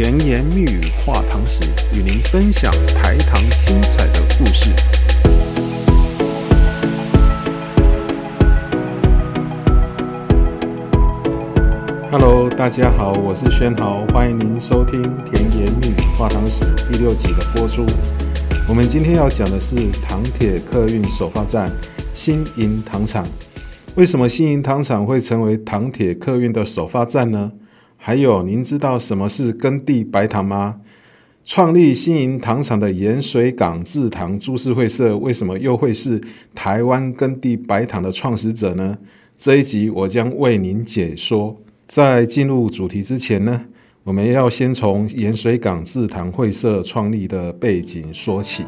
甜言蜜語話糖史，與您分享台糖精彩的故事。Hello，大家好，我是軒豪，歡迎您收聽《甜言蜜語話糖史》第六集的播出。我們今天要講的是糖鐵客運首發站——新營糖廠。為什麼新營糖廠會成為糖鐵客運的首發站呢？還有，您知道什麼是耕地白糖嗎？創立新營糖廠的鹽水港製糖株式會社為什麼又會是台灣耕地白糖的創始者呢？這一集我將為您解說。在進入主題之前呢，我們要先從鹽水港製糖會社創立的背景說起。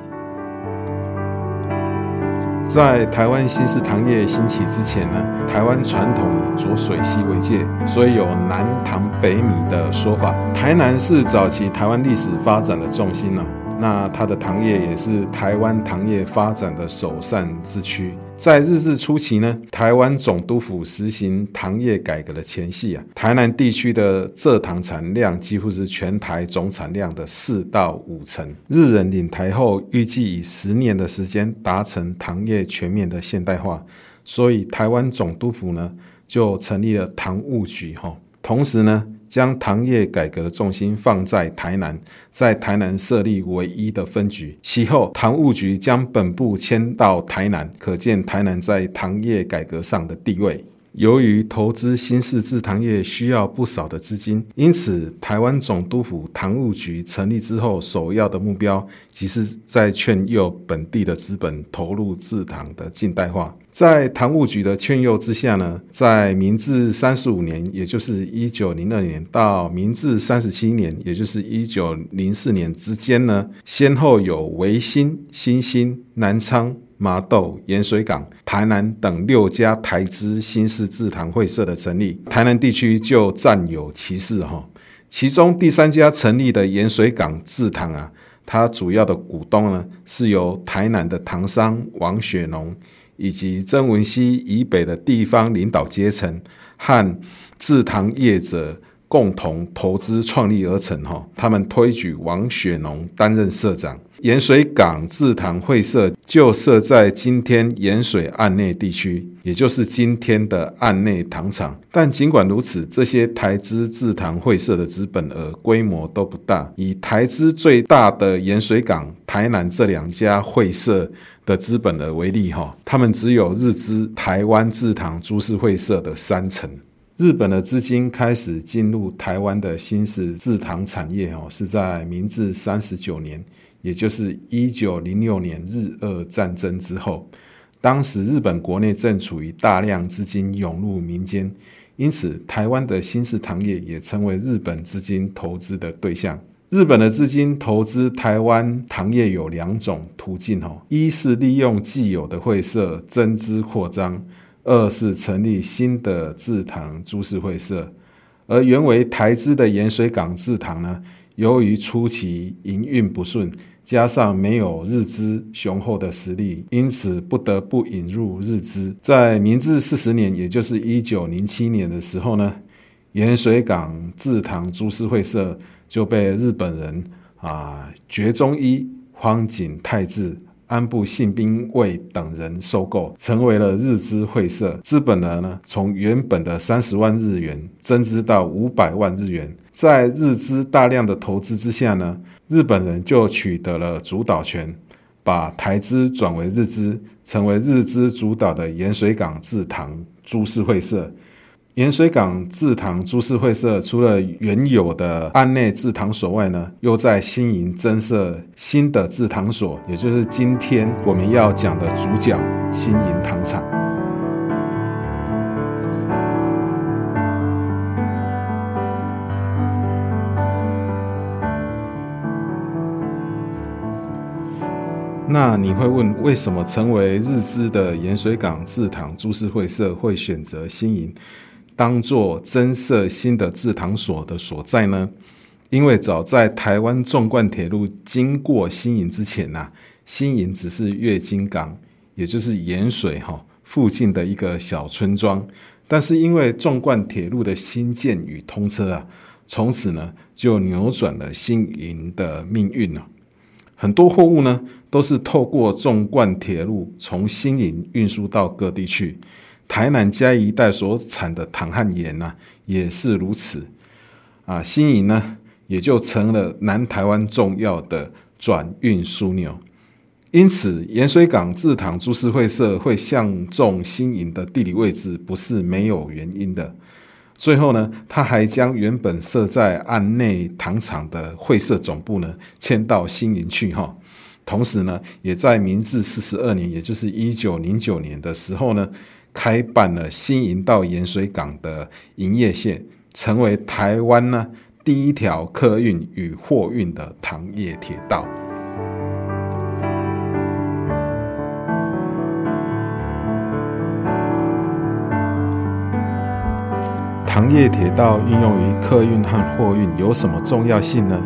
在台灣新式糖業興起之前呢，台灣傳統以濁水溪為界，所以有南糖北米的說法。台南是早期台灣歷史發展的重心呢、哦。那它的糖業也是台灣糖業發展的首善之區。在日治初期呢，臺灣總督府實行糖業改革的前夕啊，台南地區的蔗糖產量幾乎是全台總產量的四到五成。日人領台後，預計以十年的時間達成糖業全面的現代化，所以臺灣總督府呢就成立了糖務局吼，同時呢。將糖業改革的重心放在台南，在台南設立唯一的分局。其後，糖務局將本部遷到台南，可見台南在糖業改革上的地位。由於投資新式制糖業需要不少的資金，因此台灣總督府糖務局成立之後，首要的目標即是在勸誘本地的資本投入制糖的近代化。在糖務局的勸誘之下呢，在明治三十五年，也就是一九零二年到明治三十七年，也就是一九零四年之間呢，先後有維新、新興、南昌、麻豆、鹽水港、台南等六家台資新式制糖會社的成立。台南地區就占有其四哈、哦。其中第三家成立的鹽水港制糖啊，它主要的股東呢，是由台南的糖商王雪農。以及曾文溪以北的地方領導階層和製糖業者共同投資創立而成，哈，他們推舉王雪農擔任社長。鹽水港製糖會社就設在今天鹽水岸內地區，也就是今天的岸內糖廠。但儘管如此，這些台資製糖會社的資本額規模都不大。以台資最大的鹽水港、台南這兩家會社的資本額為例，哈，他們只有日資台灣製糖株式會社的三成。日本的資金開始進入台灣的新式製糖產業，哦，是在明治三十九年。也就是一九零六年日俄戰爭之後，當時日本國內正處於大量資金湧入民間，因此台灣的新式糖業也成為日本資金投資的對象。日本的資金投資台灣糖業有兩種途徑哦：一是利用既有的會社增資擴張，二是成立新的製糖株式會社。而原為台資的鹽水港制糖呢，由於初期營運不順，加上沒有日資雄厚的實力，因此不得不引入日資。在明治四十年，也就是一九零七年的時候呢，鹽水港製糖株式會社就被日本人啊，崛中一、荒井泰治、安部幸兵衛等人收購，成為了日資會社。資本額呢，呢從原本的三十萬日元增資到五百萬日元。在日資大量的投資之下呢，日本人就取得了主導權，把台資轉為日資，成為日資主導的鹽水港製糖株式會社。鹽水港製糖株式會社除了原有的岸內製糖所外呢，又在新營增設新的製糖所，也就是今天我們要講的主角新營糖廠。那你會問，為什麼成為日資的鹽水港制糖株式會社會選擇新營當做增設新的制糖所的所在呢？因為早在台灣縱貫鐵路經過新營之前吶、啊，新營只是月津港，也就是鹽水哈、哦、附近的一個小村莊。但是因為縱貫鐵路的興建與通車啊，從此呢就扭轉了新營的命運了、啊。很多貨物呢。都是透過縱貫鐵路從新營運輸到各地去。台南嘉義一帶所產的糖和鹽呢，也是如此。啊，新營呢也就成了南台灣重要的轉運樞紐。因此，鹽水港製糖株式會社會相中新營的地理位置不是沒有原因的。最後呢，他還將原本設在岸內糖廠的會社總部呢遷到新營去。哈。同時呢，也在明治四十二年，也就是一九零九年的時候呢，開辦了新營到鹽水港的營業線，成為台灣呢第一條客運與貨運的糖業鐵道。糖業鐵道應用於客運和貨運有什麼重要性呢？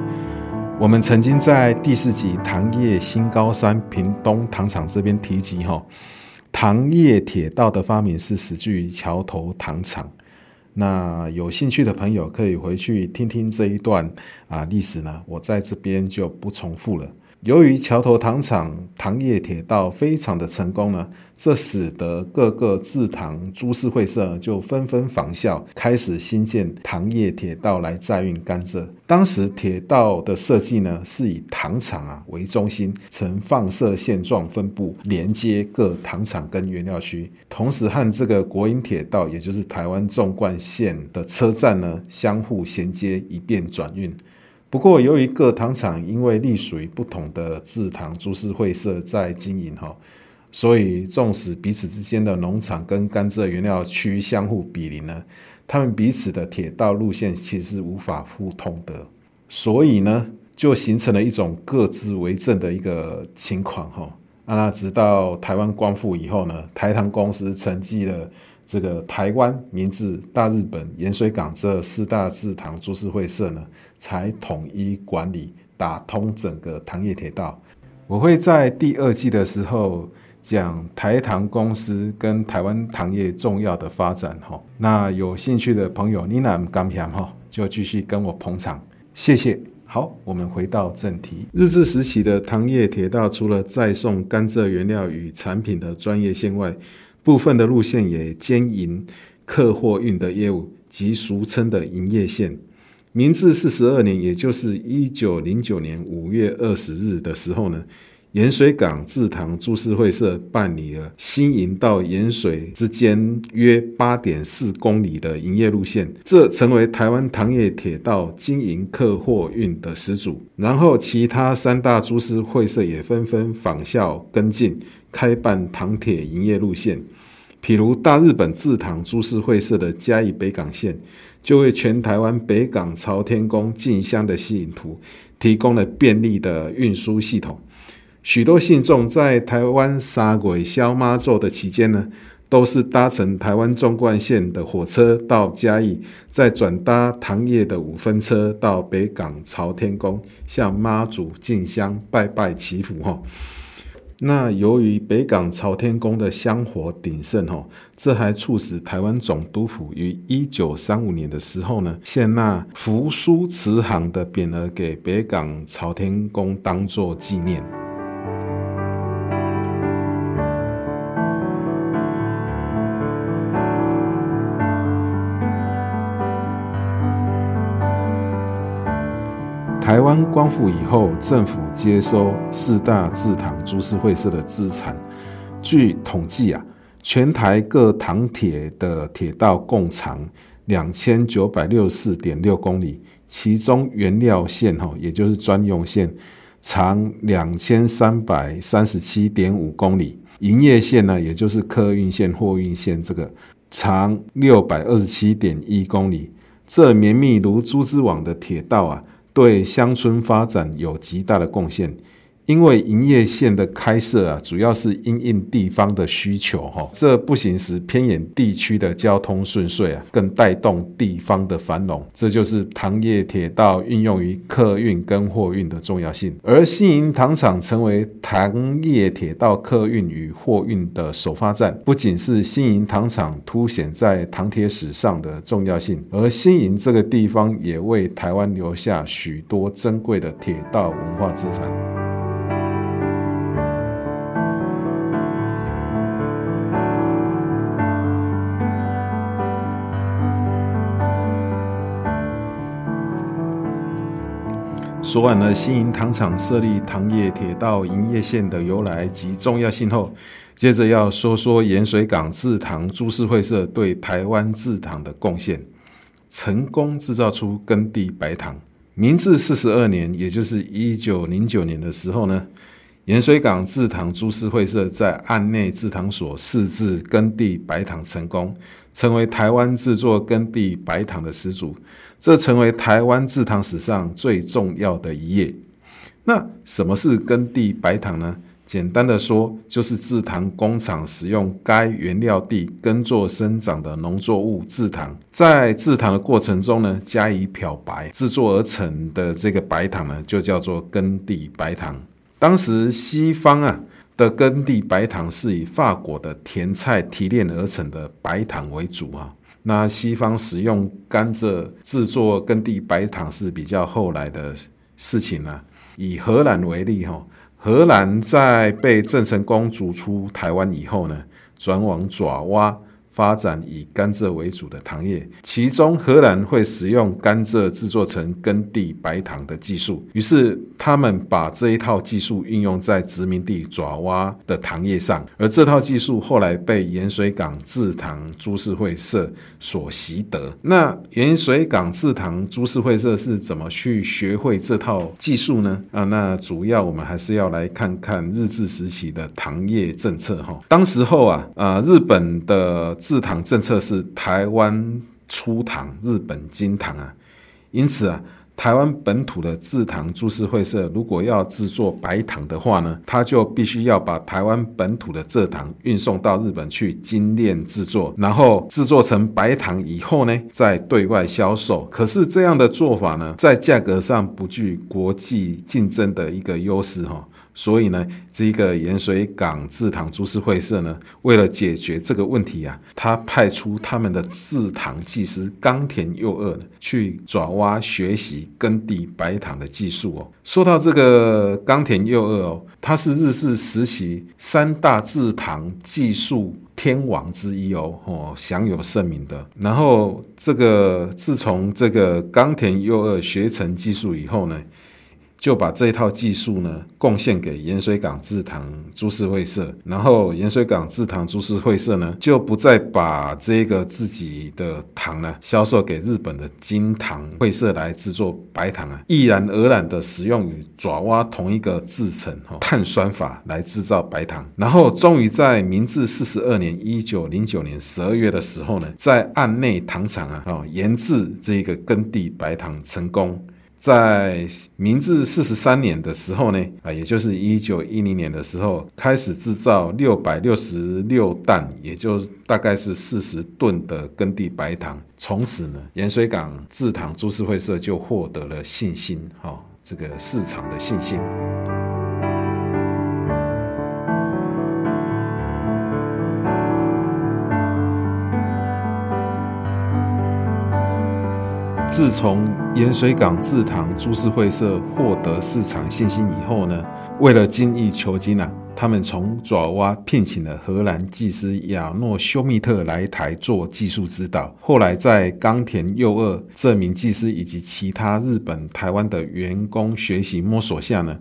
我們曾經在第四集糖業新高山屏東糖廠這邊提及哈，糖業鐵道的發明是始自於橋頭糖廠。那有興趣的朋友可以回去聽聽這一段啊歷史呢，我在這邊就不重複了。由於橋頭糖廠糖業鐵道非常的成功呢，這使得各個製糖株式會社就紛紛仿效，開始新建糖業鐵道來載運甘蔗。當時鐵道的設計呢，是以糖廠啊為中心，呈放射線狀分布，連接各糖廠跟原料區，同時和這個國營鐵道，也就是台灣縱貫線的車站呢，相互銜接，以便轉運。不過，由於各糖廠因為隸屬於不同的制糖株式會社在經營哈，所以縱使彼此之間的農場跟甘蔗原料區相互毗鄰呢，他們彼此的鐵道路線其實是無法互通的，所以呢，就形成了一種各自為政的一個情況哈。那直到台灣光復以後呢，台糖公司成立了。這個台灣、明治、大日本、鹽水港這四大製糖株式會社呢，才統一管理、打通整個糖業鐵道。我會在第二季的時候講台糖公司跟台灣糖業重要的發展哈。那有興趣的朋友，Nina 哈，就繼續跟我捧場，謝謝。好，我們回到正題。日治時期的糖業鐵道除了載送甘蔗原料與產品的專業線外，部分的路線也兼營客貨運的業務，即俗稱的營業線。明治四十二年，也就是一九零九年五月二十日的時候呢，鹽水港製糖株式會社辦理了新營到鹽水之間約八點四公里的營業路線，這成為台灣糖業鐵道經營客貨運的始祖。然後，其他三大株式會社也紛紛仿效跟進。開辦糖鐵營業路線，譬如大日本制糖株式會社的嘉義北港線，就為全台灣北港朝天宮進香的信徒提供了便利的運輸系統。許多信眾在台灣三月痟媽祖的期間呢，都是搭乘台灣縱貫線的火車到嘉義，再轉搭糖業的五分車到北港朝天宮，向媽祖進香拜拜祈福。那由於北港朝天宮的香火鼎盛吼，這還促使台灣總督府於一九三五年的時候呢，獻納扶桑慈航的匾額給北港朝天宮，當作紀念。臺灣光復以後，政府接收四大製糖株式會社的資產。據統計啊，全台各糖鐵的鐵道共長兩千九百六十四點六公里，其中原料線哈，也就是專用線，長兩千三百三十七點五公里；營業線呢，也就是客運線、貨運線，這個長六百二十七點一公里。這綿密如蛛絲網的鐵道啊！對鄉村發展有極大的貢獻。因為營業線的開設啊，主要是因應地方的需求哈，這不僅使偏遠地區的交通順遂啊，更帶動地方的繁榮。這就是糖業鐵道運用於客運跟貨運的重要性。而新營糖廠成為糖業鐵道客運與貨運的首發站，不僅是新營糖廠凸顯在糖鐵史上的重要性，而新營這個地方也為台灣留下許多珍貴的鐵道文化資產。昨晚呢，新營糖廠設立糖業鐵道營業線的由來及重要性後，接着要說說鹽水港製糖株式會社對台灣製糖的貢獻，成功製造出耕地白糖。明治四十二年，也就是一九零九年的時候呢，鹽水港製糖株式會社在岸內製糖所試製耕地白糖成功，成為台灣製作耕地白糖的始祖。這成為台灣製糖史上最重要的一頁。那什麼是耕地白糖呢？簡單的說，就是製糖工廠使用該原料地耕作生長的農作物製糖，在製糖的過程中呢，加以漂白，製作而成的這個白糖呢，就叫做耕地白糖。當時西方啊的耕地白糖是以法國的甜菜提煉而成的白糖為主啊。那西方使用甘蔗製作耕地白糖是比較後來的事情呢、啊。以荷蘭為例，哈，荷蘭在被鄭成功逐出台灣以後呢，轉往爪哇。發展以甘蔗為主的糖業，其中荷蘭會使用甘蔗制作成耕地白糖的技術，於是他們把這一套技術運用在殖民地爪哇的糖業上，而這套技術後來被鹽水港制糖株式會社所習得。那鹽水港制糖株式會社是怎麼去學會這套技術呢？啊，那主要我們還是要來看看日治時期的糖業政策哈。當時候啊，啊、呃，日本的製糖政策是台灣出糖，日本精糖啊，因此啊，台灣本土的製糖株式會社如果要製作白糖的話呢，它就必須要把台灣本土的蔗糖運送到日本去精煉製作，然後製作成白糖以後呢，再對外銷售。可是這樣的做法呢，在價格上不具國際競爭的一個優勢哈。所以呢，這個鹽水港製糖株式會社呢，為了解決這個問題啊，他派出他們的製糖技師岡田佑二去爪哇學習耕地白糖的技術哦。說到這個岡田佑二哦，他是日治時期三大製糖技術天王之一哦，哦，享有盛名的。然後這個自從這個岡田佑二學成技術以後呢。就把這一套技術呢貢獻給鹽水港製糖株式會社，然後鹽水港製糖株式會社呢就不再把這個自己的糖呢銷售給日本的金糖會社來制作白糖啊，毅然而然的使用與爪哇同一個製程、哦、碳酸法來制造白糖，然後終於在明治四十二年一九零九年十二月的時候呢，在岸內糖廠啊啊、哦、研制這個耕地白糖成功。在明治四十三年的時候呢，啊，也就是一九一零年的時候，開始製造六百六十六擔，也就大概是四十噸的耕地白糖。從此呢，鹽水港製糖株式會社就獲得了信心，哈，這個市場的信心。自從鹽水港制糖株式會社獲得市場信心以後呢，為了精益求精啊，他們從爪哇聘請了荷蘭技師亞諾修密特來台做技術指導。後來在岡田佑二這名技師以及其他日本、台灣的員工學習摸索下呢，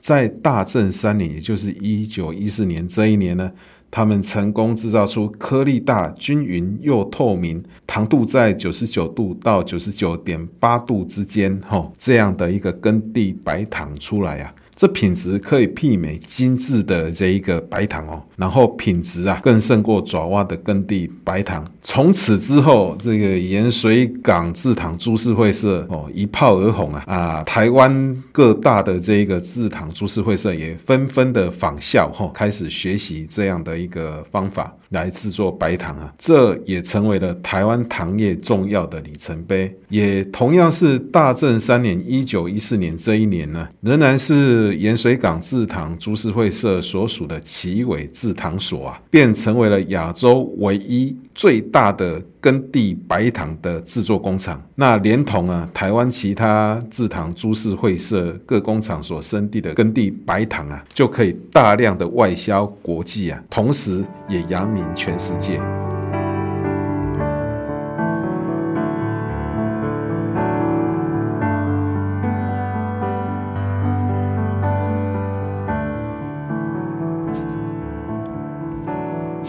在大正三年，也就是一九一四年這一年呢。他們成功製造出顆粒大、均勻又透明，糖度在九十九度到九十九點八度之間，吼、哦、這樣的一個耕地白糖出來呀、啊。這品質可以媲美精緻的這一個白糖哦，然後品質啊更勝過爪哇的耕地白糖。從此之後，這個鹽水港制糖株式會社哦一炮而紅啊啊！台灣各大的這一個製糖株式會社也紛紛的仿效哈、哦，開始學習這樣的一個方法來制作白糖啊，這也成為了台灣糖業重要的里程碑。也同樣是大正三年一九一四年這一年呢、啊，仍然是。鹽水港製糖株式會社所屬的旗尾製糖所啊，便成為了亞洲唯一最大的耕地白糖的製作工廠。那連同啊台灣其他製糖株式會社各工廠所生地的耕地白糖啊，就可以大量的外銷國際啊，同時也揚名全世界。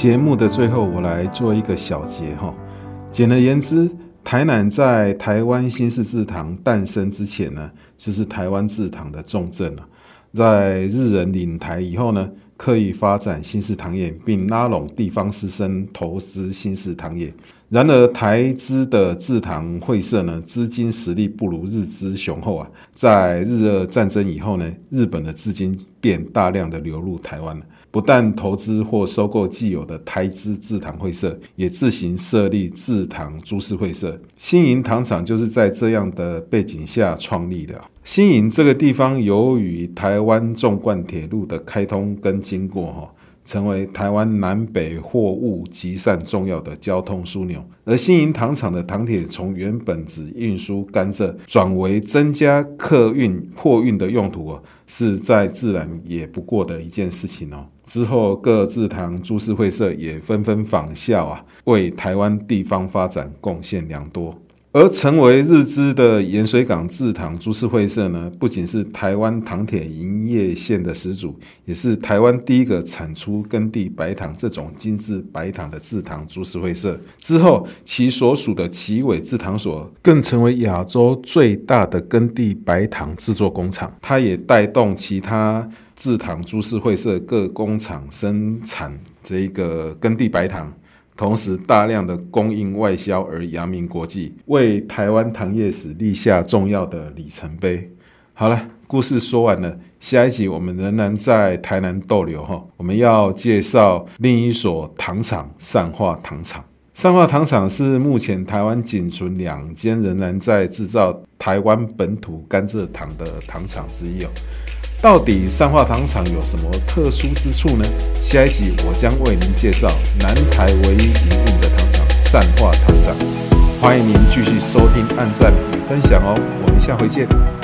節目的最後，我來做一個小結哈。簡而言之，台南在台灣新式製糖誕生之前呢，就是台灣製糖的重鎮了。在日人領台以後呢，刻意發展新式糖業，並拉攏地方士紳投資新式糖業。然而，台資的製糖會社呢，資金實力不如日資雄厚啊。在日俄戰爭以後呢，日本的資金便大量的流入台灣了。不但投資或收購既有的台資制糖會社，也自行設立制糖株式會社。新營糖廠就是在這樣的背景下創立的。新營這個地方，由於台灣縱貫鐵路的開通跟經過，哈。成為台灣南北貨物集散重要的交通樞紐，而新營糖廠的糖鐵從原本只運輸甘蔗，轉為增加客運、貨運的用途啊，是再自然也不過的一件事情哦。之後各制糖株式會社也紛紛仿效啊，為台灣地方發展貢獻良多。而成為日資的鹽水港製糖株式會社呢，不僅是台灣糖鐵營業線的始祖，也是台灣第一個產出耕地白糖這種精製白糖的製糖株式會社。之後，其所屬的旗尾製糖所更成為亞洲最大的耕地白糖製作工廠。它也帶動其他製糖株式會社各工廠生產這一個耕地白糖。同時，大量的供應外銷，而揚名國際，為台灣糖業史立下重要的里程碑。好了，故事說完了，下一集我們仍然在台南逗留，我們要介紹另一所糖廠——善化糖廠。善化糖廠是目前台灣僅存兩間仍然在製造台灣本土甘蔗糖的糖廠之一哦。到底善化糖廠有什麼特殊之處呢？下一集我將為您介紹南台唯一營運的糖廠善化糖廠，歡迎您繼續收聽、按贊、與分享哦！我們下回見。